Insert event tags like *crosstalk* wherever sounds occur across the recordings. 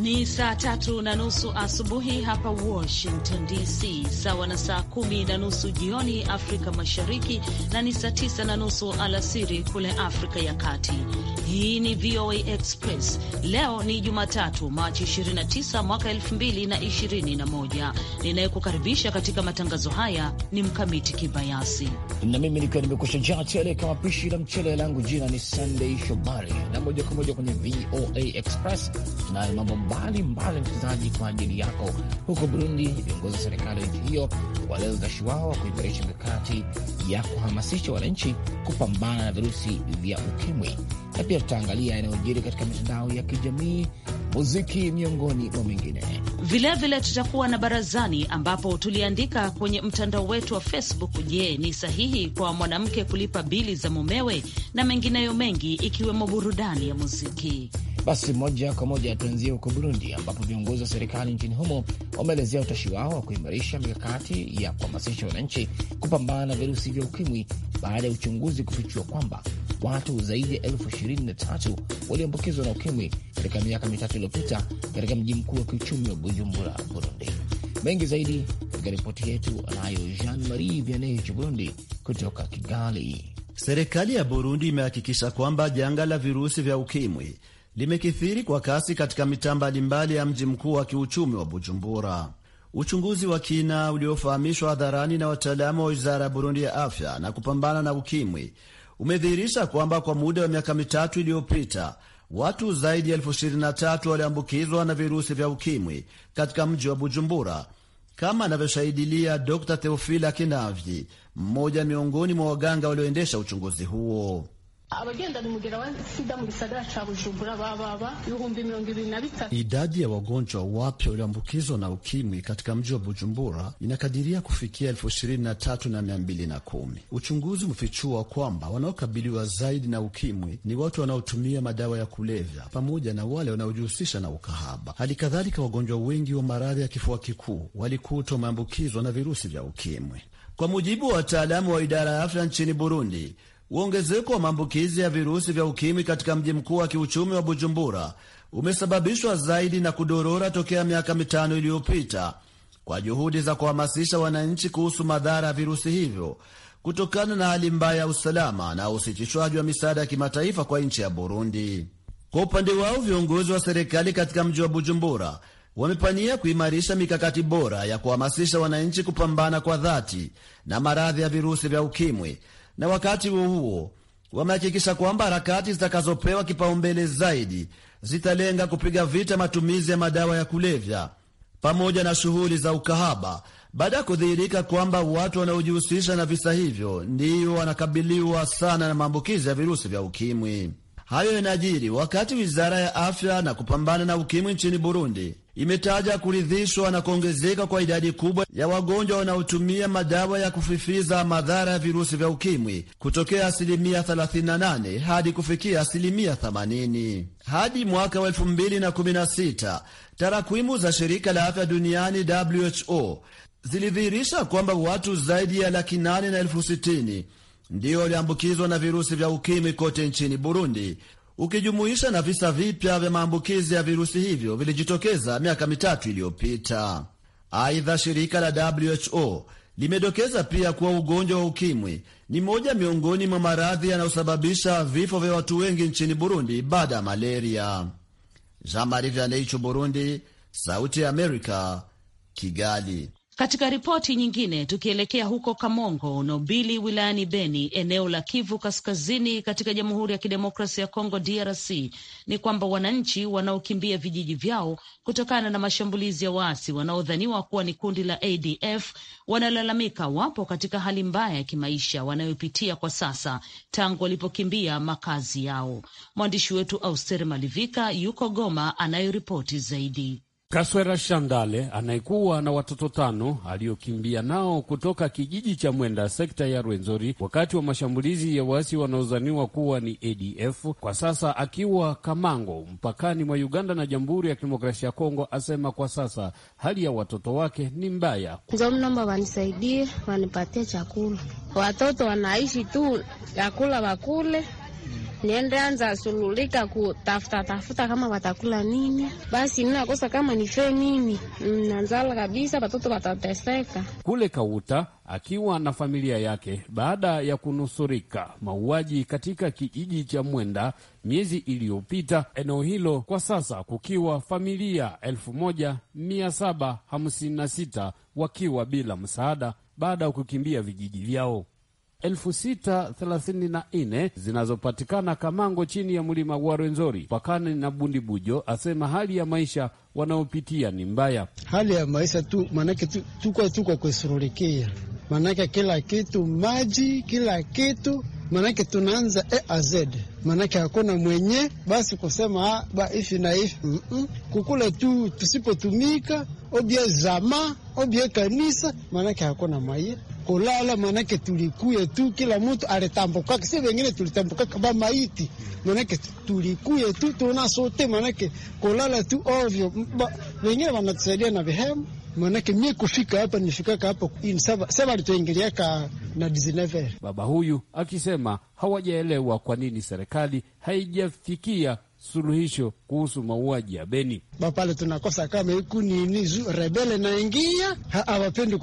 Ni saa tatu na nusu asubuhi hapa Washington DC, sawa na saa kumi na nusu jioni Afrika Mashariki, na ni saa tisa na nusu alasiri kule Afrika ya Kati. Hii ni VOA Express. Leo ni Jumatatu, Machi 29 mwaka 2021. Ninayekukaribisha katika matangazo haya ni Mkamiti Kibayasi na mimi nikiwa nimekusha jaa tele kama pishi la mchele langu. Jina ni Sandey Shomari na moja kwa moja kwenye VOA Express tunayo mambo mbalimbali, msikilizaji, kwa ajili yako. Huko Burundi, viongozi wa serikali ya nchi hiyo waleza utashi wao wa kuimarisha mikakati ya kuhamasisha wananchi kupambana na virusi vya ukimwi, na pia tutaangalia yanayojiri katika mitandao ya kijamii, muziki, miongoni mwa mengine. Vilevile tutakuwa na barazani, ambapo tuliandika kwenye mtandao wetu wa Facebook: Je, ni sahihi kwa mwanamke kulipa bili za mumewe? na mengineyo mengi, ikiwemo burudani ya muziki. Basi moja kwa moja tuanzie huko Burundi, ambapo viongozi wa serikali nchini humo wameelezea utashi wao wa kuimarisha mikakati ya kuhamasisha wananchi kupambana na virusi vya ukimwi baada ya uchunguzi kufichua kwamba watu zaidi ya elfu ishirini na tatu walioambukizwa na ukimwi katika miaka mitatu iliyopita katika mji mkuu wa kiuchumi wa Bujumbura, Burundi. Mengi zaidi katika ripoti yetu anayo Jean Marie Vianney Burundi kutoka Kigali. Serikali ya Burundi imehakikisha kwamba janga la virusi vya ukimwi limekithiri kwa kasi katika mitaa mbalimbali ya mji mkuu wa kiuchumi wa Bujumbura. Uchunguzi wa kina uliofahamishwa hadharani na wataalamu wa wizara ya Burundi ya afya na kupambana na ukimwi umedhihirisha kwamba kwa muda wa miaka mitatu iliyopita watu zaidi ya elfu ishirini na tatu waliambukizwa na virusi vya ukimwi katika mji wa Bujumbura, kama anavyoshahidilia Dr Theofila Kinavyi, mmoja miongoni mwa waganga walioendesha uchunguzi huo abagenda ni mugera mu cha Bujumbura Idadi ya wagonjwa wapya walioambukizwa na ukimwi katika mji wa Bujumbura inakadiria kufikia elfu ishirini na tatu na mia mbili na kumi. Uchunguzi umefichua kwamba wanaokabiliwa zaidi na ukimwi ni watu wanaotumia madawa ya kulevya pamoja na wale wanaojihusisha na ukahaba. Hali kadhalika, wagonjwa wengi wa maradhi ya kifua kikuu walikutwa wameambukizwa na virusi vya ukimwi, kwa mujibu wa wataalamu wa idara ya afya nchini Burundi. Uongezeko wa maambukizi ya virusi vya ukimwi katika mji mkuu wa kiuchumi wa Bujumbura umesababishwa zaidi na kudorora tokea miaka mitano iliyopita kwa juhudi za kuhamasisha wananchi kuhusu madhara ya virusi hivyo kutokana na hali mbaya ya usalama na usitishwaji wa misaada ya kimataifa kwa nchi ya Burundi. Kwa upande wao, viongozi wa serikali katika mji wa Bujumbura wamepania kuimarisha mikakati bora ya kuhamasisha wananchi kupambana kwa dhati na maradhi ya virusi vya ukimwi na wakati huo huo wamehakikisha kwamba harakati zitakazopewa kipaumbele zaidi zitalenga kupiga vita matumizi ya madawa ya kulevya pamoja na shughuli za ukahaba baada ya kudhihirika kwamba watu wanaojihusisha na visa hivyo ndiyo wanakabiliwa sana na maambukizi ya virusi vya ukimwi. Hayo yanajiri wakati wizara ya afya na kupambana na ukimwi nchini Burundi imetaja kuridhishwa na kuongezeka kwa idadi kubwa ya wagonjwa wanaotumia madawa ya kufifiza madhara ya virusi vya ukimwi kutokea asilimia 38 hadi kufikia asilimia 80 hadi mwaka wa 2016. Tarakwimu za shirika la afya duniani WHO zilidhihirisha kwamba watu zaidi ya laki nane na elfu sitini ndiyo waliambukizwa na virusi vya ukimwi kote nchini Burundi, ukijumuisha na visa vipya vya maambukizi ya virusi hivyo vilijitokeza miaka mitatu iliyopita. Aidha, shirika la WHO limedokeza pia kuwa ugonjwa wa ukimwi ni moja miongoni mwa maradhi yanayosababisha vifo vya watu wengi nchini Burundi baada ya malaria. Jean Marie Vianney, Burundi, Sauti ya Amerika, Kigali. Katika ripoti nyingine, tukielekea huko Kamongo Nobili wilayani Beni, eneo la Kivu Kaskazini katika Jamhuri ya Kidemokrasia ya Kongo DRC, ni kwamba wananchi wanaokimbia vijiji vyao kutokana na mashambulizi ya waasi wanaodhaniwa kuwa ni kundi la ADF wanalalamika wapo katika hali mbaya ya kimaisha wanayopitia kwa sasa tangu walipokimbia makazi yao. Mwandishi wetu Auster Malivika yuko Goma anayoripoti zaidi. Kaswera Shandale anayekuwa na watoto tano aliyokimbia nao kutoka kijiji cha Mwenda sekta ya Rwenzori wakati wa mashambulizi ya waasi wanaozaniwa kuwa ni ADF, kwa sasa akiwa Kamango mpakani mwa Uganda na Jamhuri ya Kidemokrasia ya Kongo, asema kwa sasa hali ya watoto wake ni mbaya. Naomba wanisaidie, wanipatie chakula, watoto wanaishi tu, chakula wakule niende anza sululika kutafuta tafuta kama watakula nini, basi ninakosa kama nife nini, nanzala kabisa, watoto watateseka. Kule Kauta akiwa na familia yake baada ya kunusurika mauaji katika kijiji cha Mwenda miezi iliyopita, eneo hilo kwa sasa kukiwa familia 1756 wakiwa bila msaada baada ya kukimbia vijiji vyao elfu sita thelathini na nne zinazopatikana Kamango chini ya mlima wa Rwenzori pakani na Bundi Bujo, asema hali ya maisha wanaopitia ni mbaya. Hali ya maisha tu maanake tuko tuko kusurulikia, maanake kila kitu maji, kila kitu maanake tunaanza e az maanake hakuna mwenye basi kusema ah, ba ifi na ifi mm -mm. Kukula tu tusipotumika obie zama obie kanisa maanake hakuna maiye kulala, manake tulikuya tu, kila mtu alitambukaka, si wengine tulitambukaka ba maiti, manake tulikuya tu sote, manake kulala tu ovyo. Wengine wanatusaidia na vihemu, manake mie kufika hapa nifikaka hapo saba litoingiliaka na dizinevere. Baba huyu akisema hawajaelewa kwa nini serikali haijafikia suluhisho kuhusu mauaji ya Beni bapale tunakosa kama iku nini rebele naingia hawapendi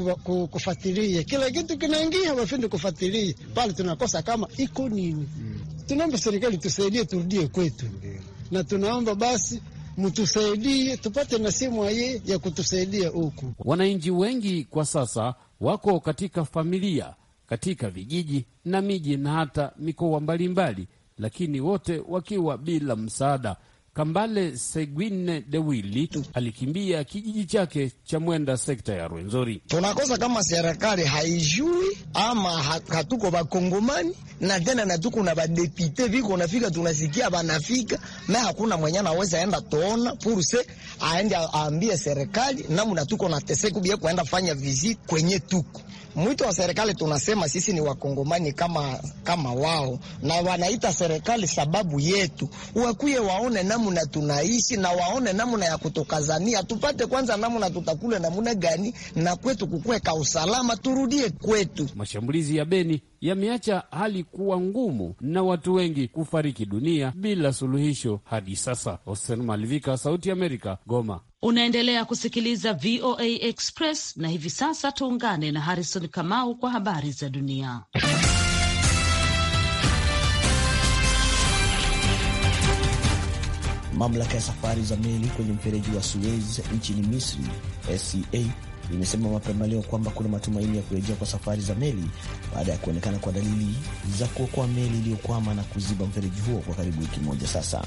kufatilia kila kitu kinaingia, hawapendi kufatilia pale tunakosa kama iko nini mm. Tunaomba serikali tusaidie, turudie kwetu mm. Na tunaomba basi mtusaidie tupate na simu aye ya kutusaidia huku. Wananchi wengi kwa sasa wako katika familia, katika vijiji na miji na hata mikoa mbalimbali lakini wote wakiwa bila msaada. Kambale Segwine Dewili alikimbia kijiji chake cha Mwenda, sekta ya Rwenzori. Tunakosa kama serikali haijui ama hatuko vakongomani na tena natuku na badepite viko nafika, tunasikia banafika na hakuna mwenye anaweza enda toona purse aende aambie serikali namu natuko nateseka, kuenda fanya visit kwenye tuko Mwito wa serikali tunasema sisi ni wakongomani kama, kama wao, na wanaita serikali sababu yetu, wakuye waone namna tunaishi na waone namna ya kutokazania, tupate kwanza namna tutakule namna gani na kwetu kukweka usalama, turudie kwetu. Mashambulizi ya Beni yameacha hali kuwa ngumu na watu wengi kufariki dunia bila suluhisho hadi sasa. Hosen Malivika, Sauti ya Amerika, Goma. Unaendelea kusikiliza VOA Express na hivi sasa tuungane na Harrison Kamau kwa habari za dunia. Mamlaka ya safari za meli kwenye mfereji wa Suez nchini Misri, SCA, e imesema mapema leo kwamba kuna matumaini ya kurejea kwa safari za meli baada ya kuonekana kwa dalili za kuokoa meli iliyokwama na kuziba mfereji huo kwa karibu wiki moja sasa.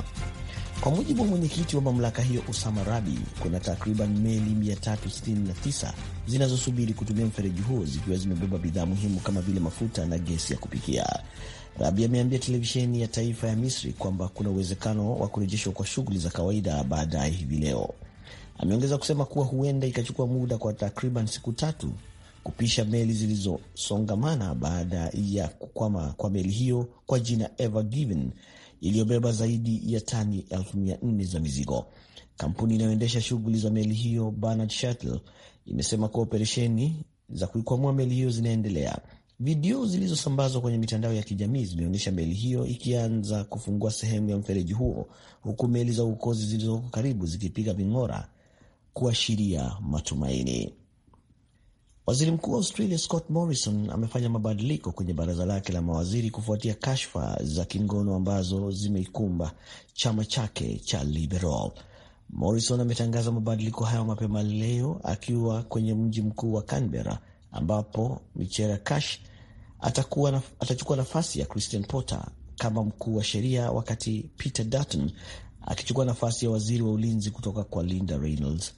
Kwa mujibu wa mwenyekiti wa mamlaka hiyo Osama Rabi, kuna takriban meli 369 zinazosubiri kutumia mfereji huo zikiwa zimebeba bidhaa muhimu kama vile mafuta na gesi ya kupikia. Rabi ameambia televisheni ya taifa ya Misri kwamba kuna uwezekano wa kurejeshwa kwa shughuli za kawaida baadaye hivi leo. Ameongeza kusema kuwa huenda ikachukua muda kwa takriban siku tatu kupisha meli zilizosongamana baada ya kukwama kwa meli hiyo kwa jina Ever Given iliyobeba zaidi ya tani elfu mia nne za mizigo. Kampuni inayoendesha shughuli za meli hiyo Bernard Shuttle imesema kuwa operesheni za kuikwamua meli hiyo zinaendelea. Video zilizosambazwa kwenye mitandao ya kijamii zimeonyesha meli hiyo ikianza kufungua sehemu ya mfereji huo, huku meli za uokozi zilizoko karibu zikipiga ving'ora kuashiria matumaini. Waziri Mkuu wa Australia Scott Morrison amefanya mabadiliko kwenye baraza lake la mawaziri kufuatia kashfa za kingono ambazo zimeikumba chama chake cha Liberal. Morrison ametangaza mabadiliko hayo mapema leo akiwa kwenye mji mkuu wa Canberra, ambapo michera Cash atakuwa na, atachukua nafasi ya Christian Porter kama mkuu wa sheria, wakati Peter Dutton akichukua nafasi ya waziri wa ulinzi kutoka kwa Linda Reynolds.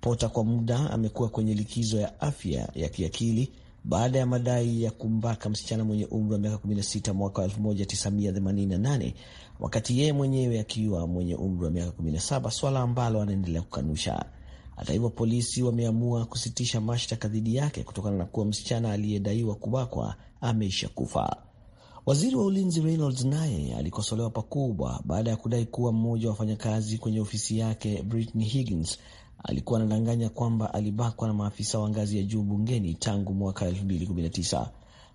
Pota kwa muda amekuwa kwenye likizo ya afya ya kiakili baada ya madai ya kumbaka msichana mwenye umri wa miaka 16 mwaka 1988 wakati yeye mwenyewe akiwa mwenye umri wa miaka 17, swala ambalo anaendelea kukanusha. Hata hivyo, polisi wameamua kusitisha mashtaka dhidi yake kutokana na kuwa msichana aliyedaiwa kubakwa ameisha kufa. Waziri wa ulinzi Reynolds naye alikosolewa pakubwa baada ya kudai kuwa mmoja wa wafanyakazi kwenye ofisi yake Britney Higgins alikuwa anadanganya kwamba alibakwa na maafisa wa ngazi ya juu bungeni tangu mwaka 2019.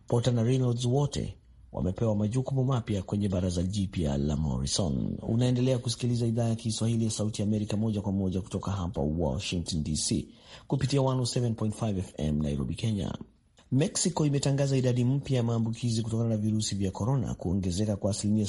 Porter na Reynolds wote wamepewa majukumu mapya kwenye baraza jipya la Morrison. Unaendelea kusikiliza idhaa ya Kiswahili ya Sauti ya Amerika moja kwa moja kutoka hapa Washington DC kupitia 107.5 FM Nairobi, Kenya. Mexico imetangaza idadi mpya ya maambukizi kutokana na virusi vya korona kuongezeka kwa asilimia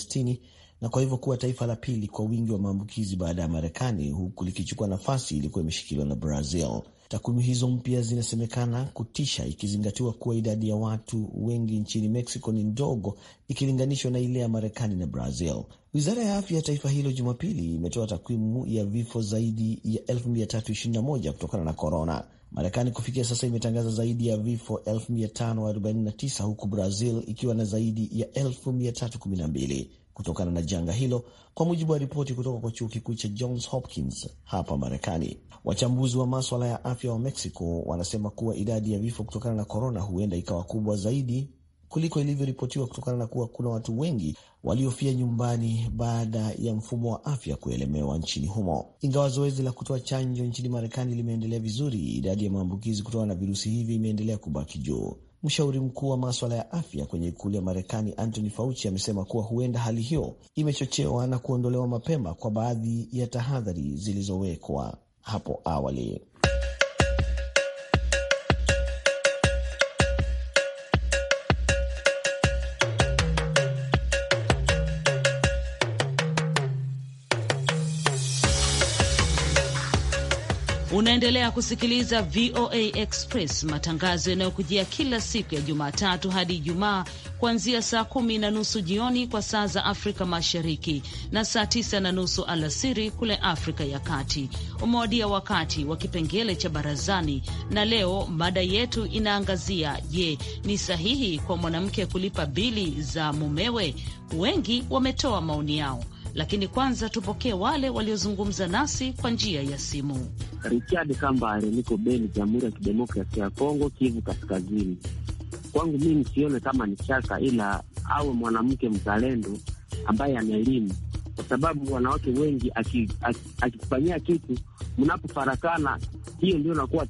na kwa hivyo kuwa taifa la pili kwa wingi wa maambukizi baada ya Marekani, huku likichukua nafasi iliyokuwa imeshikiliwa na Brazil. Takwimu hizo mpya zinasemekana kutisha ikizingatiwa kuwa idadi ya watu wengi nchini Mexico ni ndogo ikilinganishwa na ile ya Marekani na Brazil. Wizara ya afya ya taifa hilo Jumapili imetoa takwimu ya vifo zaidi ya 1321 kutokana na korona. Marekani kufikia sasa imetangaza zaidi ya vifo 1549 huku Brazil ikiwa na zaidi ya 1312 kutokana na janga hilo, kwa mujibu wa ripoti kutoka kwa chuo kikuu cha Johns Hopkins hapa Marekani. Wachambuzi wa maswala ya afya wa Mexico wanasema kuwa idadi ya vifo kutokana na korona huenda ikawa kubwa zaidi kuliko ilivyoripotiwa kutokana na kuwa kuna watu wengi waliofia nyumbani baada ya mfumo wa afya kuelemewa nchini humo. Ingawa zoezi la kutoa chanjo nchini Marekani limeendelea vizuri, idadi ya maambukizi kutokana na virusi hivi imeendelea kubaki juu. Mshauri mkuu wa maswala ya afya kwenye ikulu ya Marekani, Anthony Fauci, amesema kuwa huenda hali hiyo imechochewa na kuondolewa mapema kwa baadhi ya tahadhari zilizowekwa hapo awali. Unaendelea kusikiliza VOA Express, matangazo yanayokujia kila siku ya Jumatatu hadi Ijumaa kuanzia saa kumi na nusu jioni kwa saa za Afrika Mashariki na saa tisa na nusu alasiri kule Afrika ya Kati. Umewadia wakati wa kipengele cha barazani, na leo mada yetu inaangazia: je, ni sahihi kwa mwanamke kulipa bili za mumewe? Wengi wametoa maoni yao, lakini kwanza tupokee wale waliozungumza nasi kwa njia ya simu. Richard Kambale, niko Beni, Jamhuri ya Kidemokrasia ya Kongo, Kivu Kaskazini. Kwangu mimi nisione kama ni shaka, ila awe mwanamke mzalendo ambaye ana elimu, kwa sababu wanawake wengi akikufanyia aki, aki kitu mnapofarakana, hiyo ndio nakuwa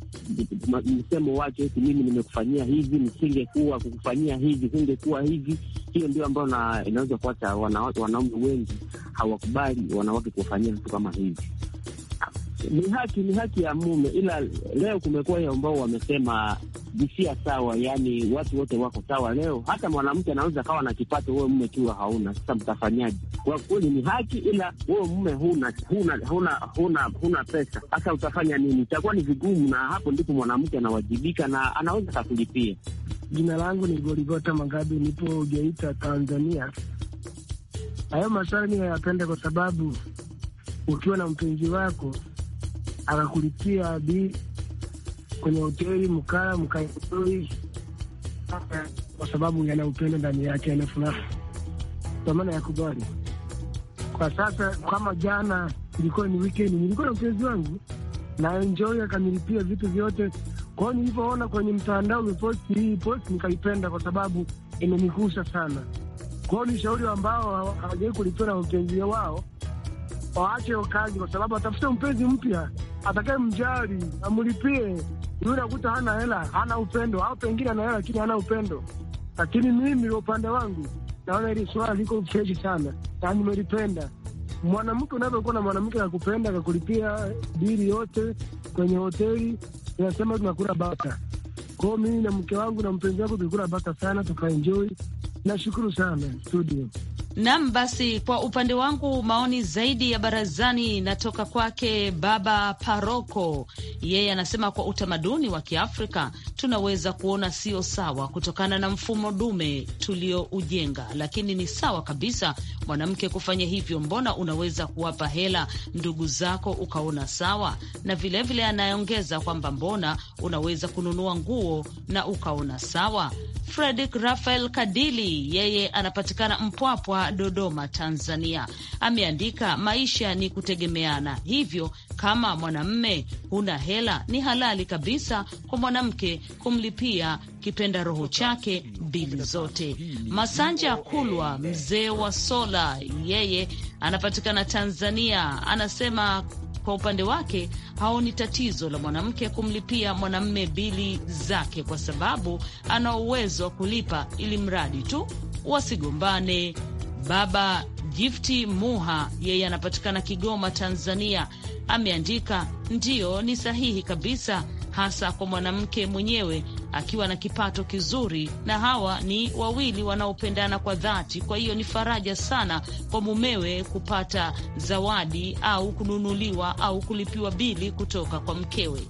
msemo wake, eti mimi nimekufanyia hivi, nisingekuwa kukufanyia hivi, singekuwa hivi. Hiyo ndio ambayo inaweza kuacha wanaume wengi hawakubali wanawake kuwafanyia vitu kama hivi ni haki, ni haki ya mume, ila leo kumekuwa hiyo ambao wamesema jisia sawa, yaani watu wote wako sawa leo. Hata mwanamke anaweza kawa na kipato, wewe mume kiwa hauna. Sasa mtafanyaje? Kwa kweli ni haki, ila wewe mume huna huna huna huna, huna pesa, sasa utafanya nini? Itakuwa ni vigumu, na hapo ndipo mwanamke anawajibika na anaweza kakulipia. Jina langu ni Gorigota Magabi, nipo Geita, Tanzania. Hayo maswali ninayapenda kwa sababu ukiwa na mpenzi wako akakulipia bi kwenye hoteli mkaa mkaoi kwa sababu yana upendo ndani yake, yana furaha, kwa maana ya kubali. Kwa sasa kama jana ilikuwa ni wikendi, nilikuwa na mpenzi wangu na enjoy, akanilipia vitu vyote. Kwa hiyo nilivyoona kwenye mtandao umeposti hii posti, nikaipenda kwa sababu imenigusa sana. Kwa hiyo ni shauri ambao hawajawai kulipia na mpenzi wao, waache kazi, kwa sababu watafuta mpenzi mpya atakaye mjali amlipie. Yule akuta hana hela, hana upendo, au pengine ana hela lakini hana upendo. Lakini mimi upande wangu naona hili swala liko freshi sana na nimelipenda. Mwanamke, unavyokuwa na mwanamke akupenda, akakulipia bili yote kwenye hoteli, inasema tunakula bata. kwao. mimi na mke wangu na mpenzi wangu tulikula bata sana, tukaenjoi. Nashukuru sana studio. Nam, basi kwa upande wangu maoni zaidi ya barazani natoka kwake Baba Paroko. Yeye anasema kwa utamaduni wa Kiafrika tunaweza kuona sio sawa kutokana na mfumo dume tulioujenga, lakini ni sawa kabisa mwanamke kufanya hivyo. Mbona unaweza kuwapa hela ndugu zako ukaona sawa? Na vilevile anaongeza kwamba mbona unaweza kununua nguo na ukaona sawa. Fredrick Rafael Kadili yeye anapatikana Mpwapwa, Dodoma, Tanzania, ameandika maisha ni kutegemeana, hivyo kama mwanamme huna hela, ni halali kabisa kwa mwanamke kumlipia kipenda roho chake bili zote. Masanja Kulwa, mzee wa sola, yeye anapatikana Tanzania, anasema kwa upande wake haoni tatizo la mwanamke kumlipia mwanamme bili zake, kwa sababu ana uwezo wa kulipa, ili mradi tu wasigombane Baba Gifti Muha, yeye anapatikana Kigoma, Tanzania, ameandika ndiyo, ni sahihi kabisa, hasa kwa mwanamke mwenyewe akiwa na kipato kizuri, na hawa ni wawili wanaopendana kwa dhati. Kwa hiyo ni faraja sana kwa mumewe kupata zawadi au kununuliwa au kulipiwa bili kutoka kwa mkewe.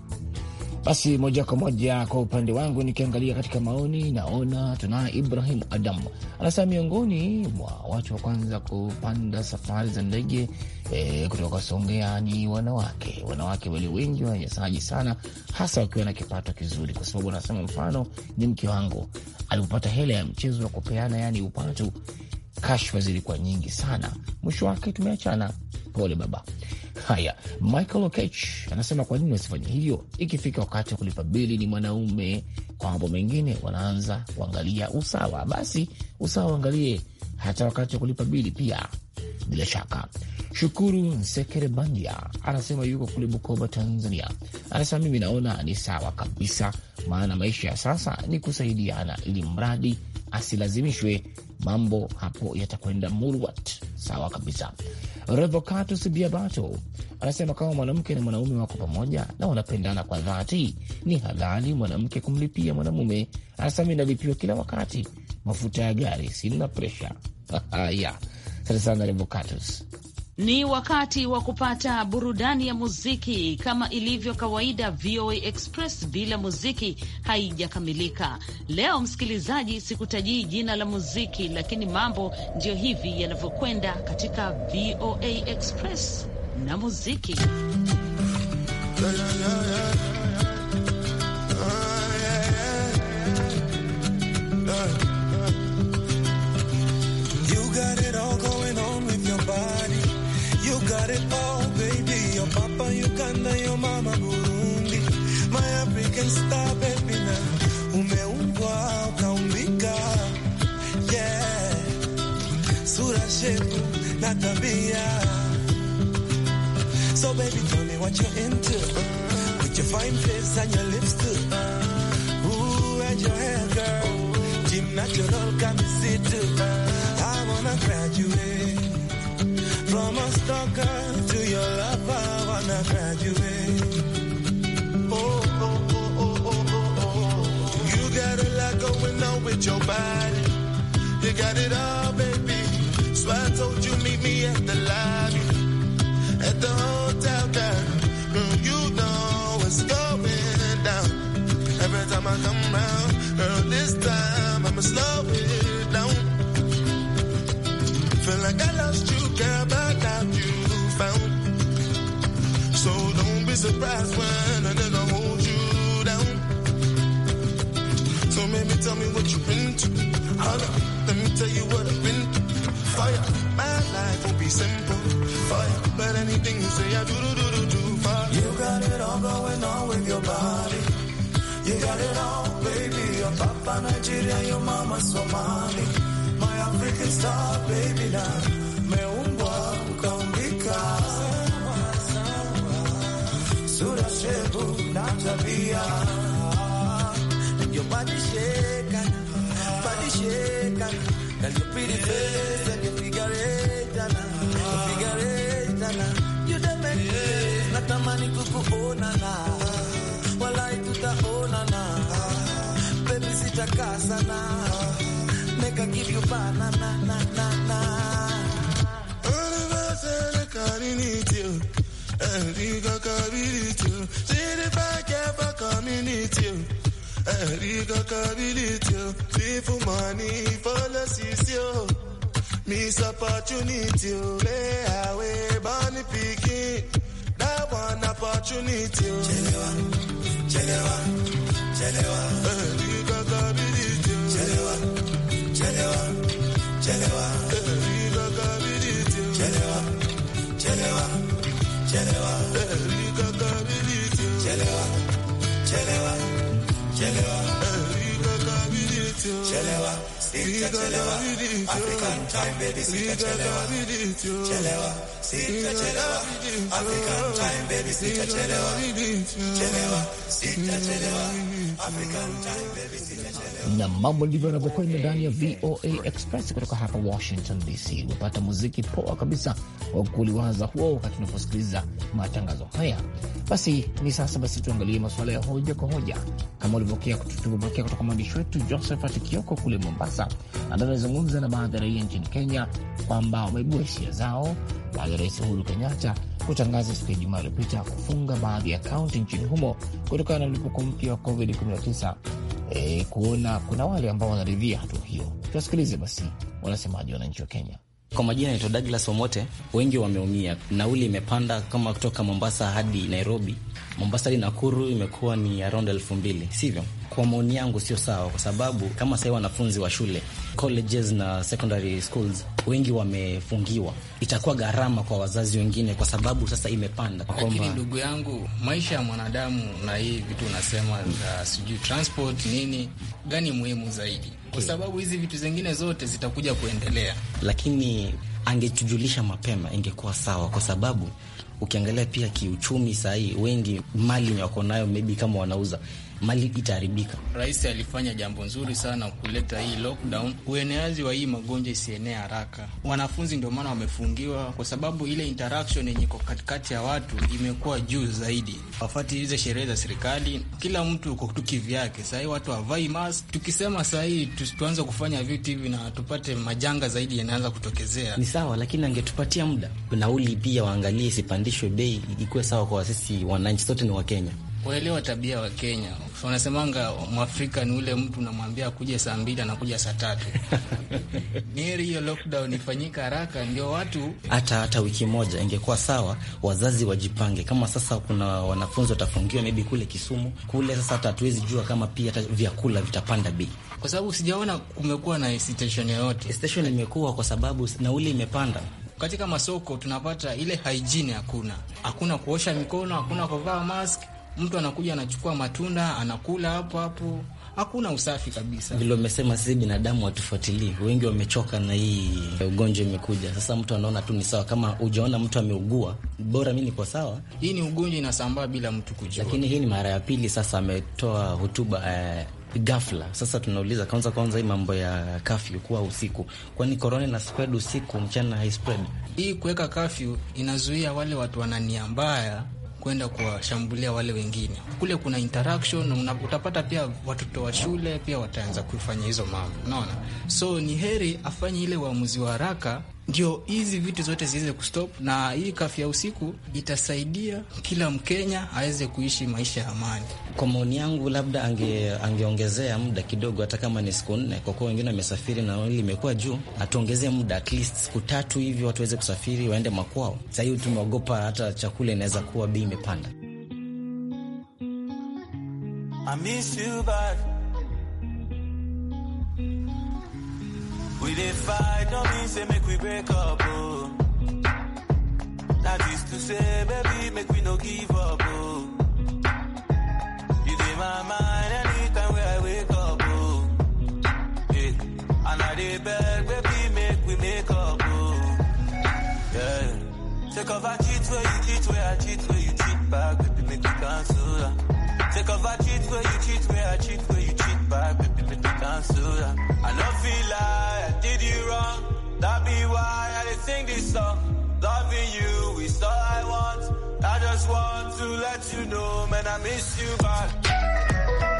Basi moja kwa moja kwa upande wangu, nikiangalia katika maoni, naona tunaye Ibrahim adam anasema miongoni mwa watu wa kwanza kupanda safari za ndege e, kutoka Songea ni wanawake. Wanawake walio wengi wanyanyasaji sana, hasa wakiwa na kipato kizuri, kwa sababu anasema mfano ni mke wangu alipopata hela ya mchezo wa kupeana, yaani upatu, kashfa zilikuwa nyingi sana, mwisho wake tumeachana. Pole baba. Haya, Michael Okech anasema kwa nini wasifanye hivyo? Ikifika wakati wa kulipa bili ni mwanaume, kwa mambo mengine wanaanza kuangalia usawa. Basi usawa uangalie hata wakati wa kulipa bili pia, bila shaka. Shukuru Nsekere Bandia anasema yuko kule Bukoba, Tanzania. Anasema mimi naona ni sawa kabisa, maana maisha ya sasa ni kusaidiana, ili mradi asilazimishwe, mambo hapo yatakwenda murwat. Sawa kabisa. Revocatus Biabato anasema kama mwanamke na mwanaume wako pamoja na wanapendana kwa dhati, ni halali mwanamke kumlipia mwanamume. Anasema inalipiwa kila wakati, mafuta ya gari, sina presha. *laughs* Haya, asante sana Revocatus. Ni wakati wa kupata burudani ya muziki. Kama ilivyo kawaida, VOA Express bila muziki haijakamilika. Leo msikilizaji, sikutajii jina la muziki, lakini mambo ndiyo hivi yanavyokwenda katika VOA Express na muziki la, la, la, la. got it all, baby. Your papa Uganda, your mama Burundi. My African star, baby, na umeumbwa ukaumbika, yeah. Sura, shepu na So baby, tell me what you're into. With your fine face and your lips too. Ooh, and your hair, girl. Gym natural, come see too. I wanna graduate. From a stalker to your lover, wanna graduate. Oh, oh, oh, oh, oh, oh, oh. You got a lot going on with your body. You got it all, baby. So I told you meet me at the lobby, at the home. Surprise when I never hold you down. So maybe tell me what you've been to. Holla, let me tell you what I've been to. Fire, my life will be simple. Fire, but anything you say, I do do do do do. Fire. You got it all going on with your body. You got it all, baby. Your papa Nigeria, your mama Somali. My African star, baby, now. uzoefu na tabia ndio badisheka badisheka kalipili pesa ngefigareta na figareta natamani kukuona na wala tutaona na meka give you banana na na na ẹ̀rí kankan tí o sírí bákẹ́ fọkàn mi ní o ẹ̀rí kankan tí o fífún mọ́ ní fọlọ́sísí o miss opportunity o play away boni pikin that one opportunity o. jẹlẹwa jẹlẹwa jẹlẹwa ẹ̀rí kankan tí o jẹlẹwa jẹlẹwa jẹlẹwa ẹ̀rí kankan rírì tí o jẹlẹwa jẹlẹwa chelewa chelewa chelewa chelewa chelewa na mambo ndivyo yanavyokwenda ndani ya VOA Express kutoka hapa Washington DC. Umepata muziki poa kabisa wa kuliwaza huo wakati unaposikiliza matangazo haya. Basi ni sasa, basi tuangalie masuala ya hoja kwa hoja kama ulivyopokea kutoka mwandishi wetu Josephat Kioko kule Mombasa. Mombasa, ambaye amezungumza na baadhi ya raia nchini Kenya kwamba wameibua hisia zao baada ya Rais Uhuru Kenyatta kutangaza siku ya Jumaa iliyopita kufunga baadhi ya kaunti nchini humo kutokana na mlipuko mpya wa COVID-19. E, kuona kuna wale ambao wanaridhia hatua hiyo. Tuwasikilize basi wanasemaji wananchi wa Kenya. Kwa majina naitwa Douglas Omote. Wengi wameumia, nauli imepanda kama kutoka Mombasa hadi Nairobi, Mombasa hadi Nakuru imekuwa ni around elfu mbili, sivyo? kwa maoni yangu sio sawa, kwa sababu kama sahii wanafunzi wa shule colleges na secondary schools wengi wamefungiwa, itakuwa gharama kwa wazazi wengine, kwa sababu sasa imepanda. Lakini ndugu yangu, maisha ya mwanadamu na hii vitu unasema za sijui transport nini gani muhimu zaidi, kwa sababu hizi vitu zingine zote zitakuja kuendelea, lakini angetujulisha mapema ingekuwa sawa, kwa sababu ukiangalia pia kiuchumi, sahii wengi mali wako nayo, maybe kama wanauza mali itaharibika. Rais alifanya jambo nzuri sana kuleta hii lockdown, ueneaji wa hii magonjwa isienee haraka. Wanafunzi ndio maana wamefungiwa, kwa sababu ile interaction yenye iko katikati ya watu imekuwa juu zaidi, wafati hizo sherehe za serikali, kila mtu uko vyake Sahii watu wavai mask, tukisema sahii tuanze kufanya vitu hivi na tupate majanga zaidi yanaanza kutokezea. Ni sawa, lakini angetupatia muda, nauli pia waangalie isipandishwe bei, ikuwe sawa kwa sisi wananchi, sote ni Wakenya waelewa tabia wa Kenya. Wanasemanga Mwafrika ni ule mtu unamwambia kuja saa mbili anakuja saa tatu. *laughs* Nieri hiyo lockdown ifanyike haraka, ndio watu hata hata wiki moja ingekuwa sawa. Wazazi wajipange, kama sasa kuna wanafunzi watafungiwa maybe kule Kisumu kule, sasa hata hatuwezi jua kama pia hata vyakula vitapanda bei, kwa sababu sijaona kumekuwa na hesitation yoyote. Hesitation imekuwa kwa sababu nauli imepanda katika masoko tunapata ile hygiene, hakuna hakuna kuosha mikono, hakuna kuvaa mask mtu anakuja anachukua matunda anakula hapo hapo, hakuna usafi kabisa. Vile umesema, sisi binadamu watufuatilii, wengi wamechoka na hii ugonjwa imekuja sasa. Mtu anaona tu ni sawa, kama ujaona mtu ameugua, bora mi niko sawa. Hii ni ugonjwa inasambaa bila mtu kujua, lakini hii ni mara ya pili sasa ametoa hotuba eh, Ghafla sasa tunauliza kwanza kwanza, hii mambo ya kafyu kuwa usiku, kwani korona ina spread usiku, mchana hai spread. Hii kuweka kafyu inazuia wale watu wanania mbaya kwenda kuwashambulia wale wengine. Kule kuna interaction, utapata pia watoto wa shule pia wataanza kufanya hizo mambo, unaona. So ni heri afanye ile uamuzi wa haraka ndio hizi vitu zote ziweze kustop, na hii kafu ya usiku itasaidia kila Mkenya aweze kuishi maisha ya amani. Kwa maoni yangu, labda ange, angeongezea muda kidogo, hata kama ni siku nne, kwa kuwa wengine wamesafiri na nauli imekuwa juu, atuongezee muda at least siku tatu hivi, watu waweze kusafiri waende makwao. Sahii tumeogopa hata chakula inaweza kuwa bei imepanda. We dey fight, no not mean say make we break up, oh. That is to say, baby, make we no give up, oh. You dey my mind anytime where I wake up, oh. Yeah. And I dey beg, baby, make we make up, oh. Yeah. Take off, I cheat where you cheat, where I cheat, where you cheat back, baby, make we cancel. Take off, I cheat where you cheat, where I cheat, Sudan. I not feel like I did you wrong. That be why I did sing this song. Loving you is all I want. I just want to let you know, man, I miss you, but.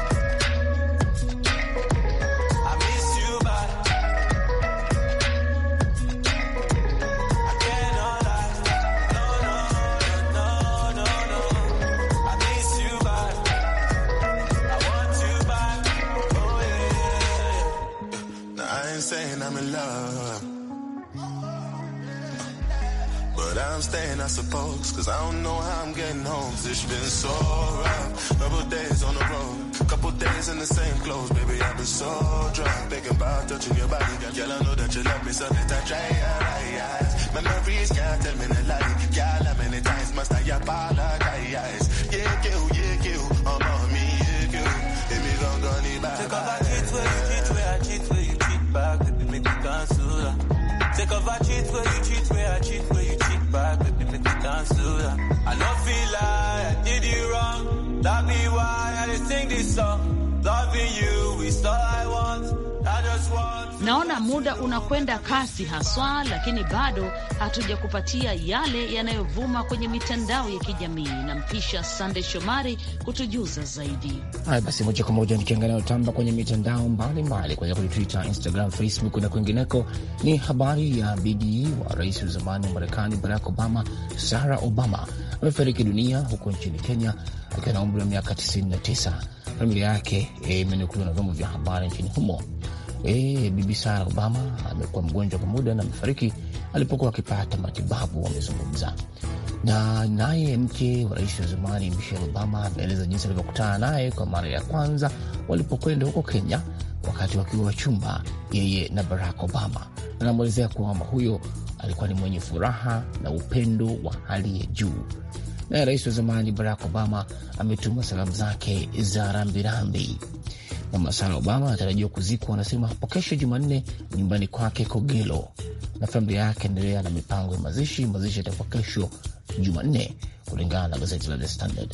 I'm staying, I suppose. Cause I don't know how I'm getting home. It's been so rough. Couple days on the road. Couple days in the same clothes. Baby, I've been so drunk. Thinking about touching your body. Girl, I know that you love me, so that I try My memories can't tell me the lie. Girl, how many times must I apologize? Yeah, kill, yeah, kill. I'm on me, yeah, kill. Hit me long, gone, back. Take off, I cheat where you cheat, where I cheat, where you cheat back. Baby, make me cancel. Take off, I cheat where you cheat, I don't feel like I did you wrong. That be why I sing this song. Naona muda unakwenda kasi haswa, lakini bado hatujakupatia yale yanayovuma kwenye mitandao ya kijamii. Nampisha Sande Shomari kutujuza zaidi. Haya basi, moja kwa moja nikiangalia utamba kwenye mitandao mbalimbali, kuanzia kwenye Twitter, Instagram, Facebook na kwingineko, ni habari ya bidii wa rais wa zamani wa Marekani Barack Obama. Sarah Obama amefariki dunia huko nchini Kenya akiwa na umri wa miaka 99. Familia yake imenukuliwa na vyombo vya habari nchini humo E, Bibi Sara Obama amekuwa mgonjwa kwa muda na amefariki alipokuwa akipata matibabu, wamezungumza na naye. Mke wa rais wa zamani Michelle Obama ameeleza jinsi alivyokutana naye kwa mara ya kwanza walipokwenda huko Kenya wakati wakiwa wachumba, yeye na Barack Obama. Anamwelezea kuwa mama huyo alikuwa ni mwenye furaha na upendo wa hali ya juu. Naye rais wa zamani Barack Obama ametuma salamu zake za rambirambi rambi. Mamasan Obama anatarajiwa kuzikwa, anasema hapo kesho Jumanne nyumbani kwake Kogelo, na familia yake endelea na mipango ya mazishi. Mazishi yatakuwa kesho Jumanne kulingana na gazeti la The Standard.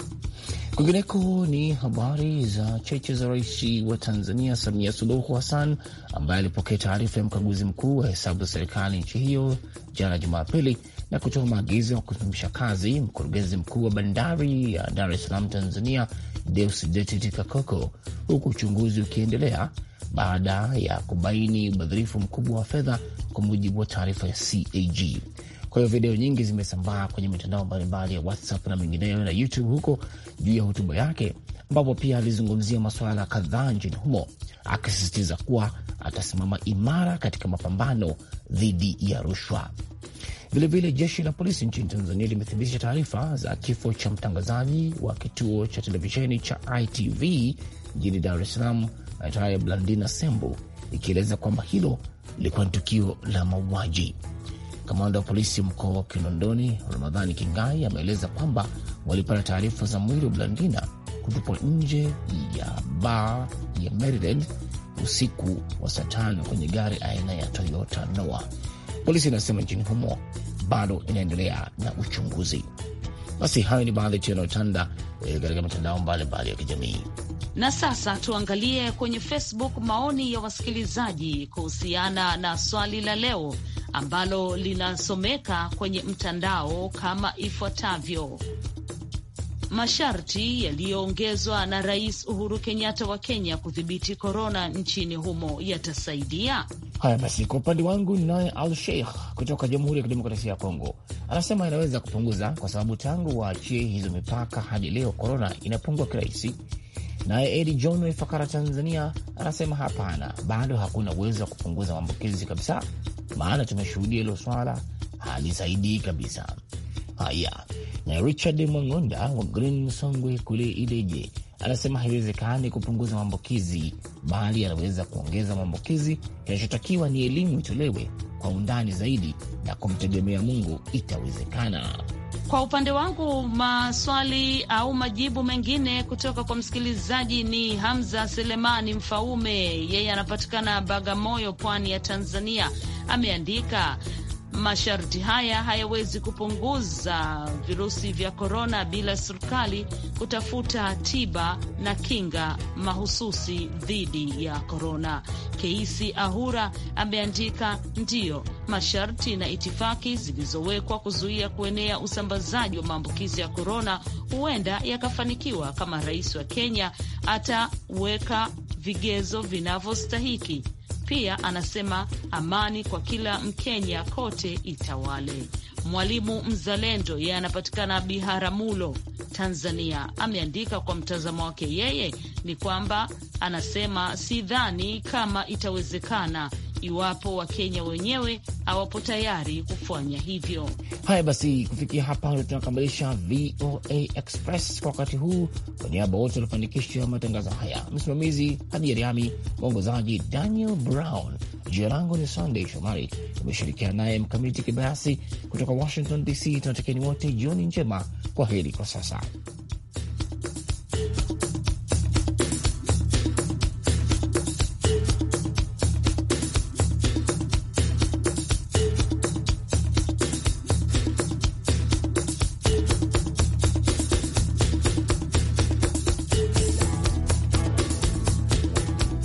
Kwingineko ni habari za cheche za rais wa Tanzania Samia Suluhu Hassan ambaye alipokea taarifa ya mkaguzi mkuu wa hesabu za serikali nchi hiyo jana Jumapili na kutoa maagizo ya kusimamisha kazi mkurugenzi mkuu wa bandari ya Dar es Salaam Tanzania Deusdedit Kakoko, huku uchunguzi ukiendelea baada ya kubaini ubadhirifu mkubwa wa fedha, kwa mujibu wa taarifa ya CAG. Kwa hiyo video nyingi zimesambaa kwenye mitandao mbalimbali ya WhatsApp na mengineyo na YouTube huko juu ya hotuba yake, ambapo pia alizungumzia masuala kadhaa nchini humo, akisisitiza kuwa atasimama imara katika mapambano dhidi ya rushwa. Vilevile jeshi la polisi nchini Tanzania limethibitisha taarifa za kifo cha mtangazaji wa kituo cha televisheni cha ITV jijini Dar es Salaam aitwaye Blandina Sembo, ikieleza kwamba hilo lilikuwa ni tukio la mauaji. Kamanda wa polisi mkoa wa Kinondoni, Ramadhani Kingai, ameeleza kwamba walipata taarifa za mwili wa Blandina kutupwa nje ya baa ya Maryland usiku wa saa tano kwenye gari aina ya Toyota Noah polisi inasema nchini humo bado inaendelea na uchunguzi. Basi hayo ni baadhi tu yanayotanda eh, katika mitandao mbalimbali ya kijamii. Na sasa tuangalie kwenye Facebook maoni ya wasikilizaji kuhusiana na swali la leo ambalo linasomeka kwenye mtandao kama ifuatavyo: masharti yaliyoongezwa na Rais Uhuru Kenyatta wa Kenya kudhibiti korona nchini humo yatasaidia? Haya basi, kwa upande wangu naye Al Sheikh kutoka Jamhuri ya Kidemokrasia ya Kongo anasema inaweza kupunguza, kwa sababu tangu waachie hizo mipaka hadi leo korona inapungua kirahisi. Naye Edi John wa Ifakara, Tanzania, anasema hapana, bado hakuna uwezo wa kupunguza maambukizi kabisa, maana tumeshuhudia hilo swala halisaidii kabisa. Haya, ah, na Richard Mwang'onda wa Green Songwe kule Ileje anasema haiwezekani kupunguza maambukizi, bali anaweza kuongeza maambukizi. Kinachotakiwa ni elimu itolewe kwa undani zaidi, na kumtegemea Mungu itawezekana. Kwa upande wangu, maswali au majibu mengine kutoka kwa msikilizaji ni Hamza Selemani Mfaume, yeye anapatikana Bagamoyo, pwani ya Tanzania. Ameandika Masharti haya hayawezi kupunguza virusi vya korona bila serikali kutafuta tiba na kinga mahususi dhidi ya korona. Keisi Ahura ameandika, ndiyo masharti na itifaki zilizowekwa kuzuia kuenea usambazaji wa maambukizi ya korona huenda yakafanikiwa kama rais wa Kenya ataweka vigezo vinavyostahiki pia anasema amani kwa kila Mkenya kote itawale. Mwalimu mzalendo yeye anapatikana Biharamulo, Tanzania, ameandika kwa mtazamo wake yeye ni kwamba anasema sidhani kama itawezekana iwapo Wakenya wenyewe hawapo tayari kufanya hivyo. Haya basi, kufikia hapa ndio tunakamilisha VOA Express kwa wakati huu. Kwa niaba wote waliofanikisha matangazo haya, msimamizi Hadi Ariami, mwongozaji Daniel Brown, jina langu ni sandey Shomari, imeshirikiana naye Mkamiti Kibayasi kutoka Washington DC. Tunatakieni wote jioni njema. Kwa heri kwa sasa.